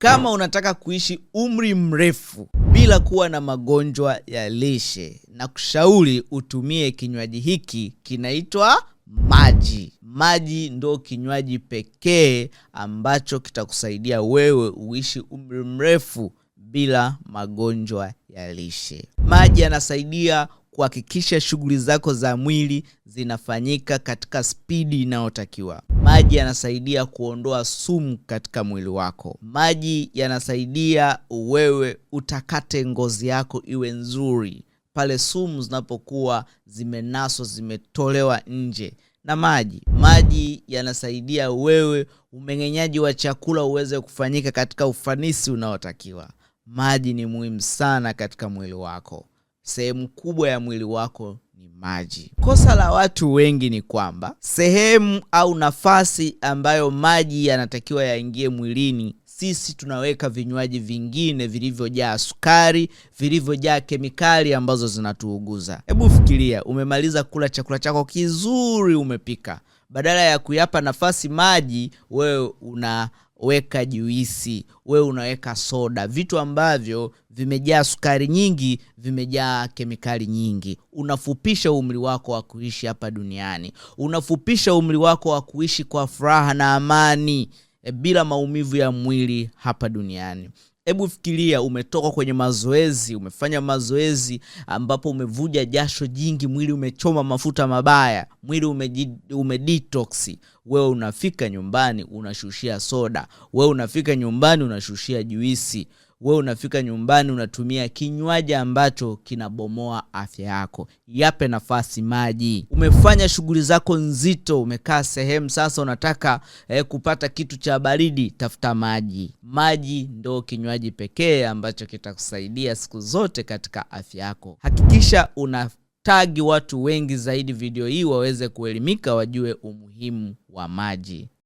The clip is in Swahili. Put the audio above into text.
Kama unataka kuishi umri mrefu bila kuwa na magonjwa ya lishe, na kushauri utumie kinywaji hiki kinaitwa maji. Maji ndo kinywaji pekee ambacho kitakusaidia wewe uishi umri mrefu bila magonjwa ya lishe. Maji yanasaidia kuhakikisha shughuli zako za mwili zinafanyika katika spidi inayotakiwa. Maji yanasaidia kuondoa sumu katika mwili wako. Maji yanasaidia wewe utakate ngozi yako iwe nzuri pale sumu zinapokuwa zimenaswa, zimetolewa nje na maji. Maji yanasaidia wewe umeng'enyaji wa chakula uweze kufanyika katika ufanisi unaotakiwa. Maji ni muhimu sana katika mwili wako sehemu kubwa ya mwili wako ni maji. Kosa la watu wengi ni kwamba sehemu au nafasi ambayo maji yanatakiwa yaingie mwilini sisi tunaweka vinywaji vingine vilivyojaa sukari, vilivyojaa kemikali ambazo zinatuuguza. Hebu fikiria, umemaliza kula chakula chako kizuri, umepika, badala ya kuyapa nafasi maji, wewe unaweka juisi, wewe unaweka soda, vitu ambavyo vimejaa sukari nyingi, vimejaa kemikali nyingi. Unafupisha umri wako wa kuishi hapa duniani, unafupisha umri wako wa kuishi kwa furaha na amani e, bila maumivu ya mwili hapa duniani. Hebu fikiria, umetoka kwenye mazoezi, umefanya mazoezi ambapo umevuja jasho jingi, mwili umechoma mafuta mabaya, mwili umedetox, wewe unafika nyumbani unashushia soda, wewe unafika nyumbani unashushia juisi, wewe unafika nyumbani unatumia kinywaji ambacho kinabomoa afya yako. Yape nafasi maji. Umefanya shughuli zako nzito, umekaa sehemu, sasa unataka eh, kupata kitu cha baridi, tafuta maji. Maji ndo kinywaji pekee ambacho kitakusaidia siku zote katika afya yako. Hakikisha una tagi watu wengi zaidi video hii waweze kuelimika, wajue umuhimu wa maji.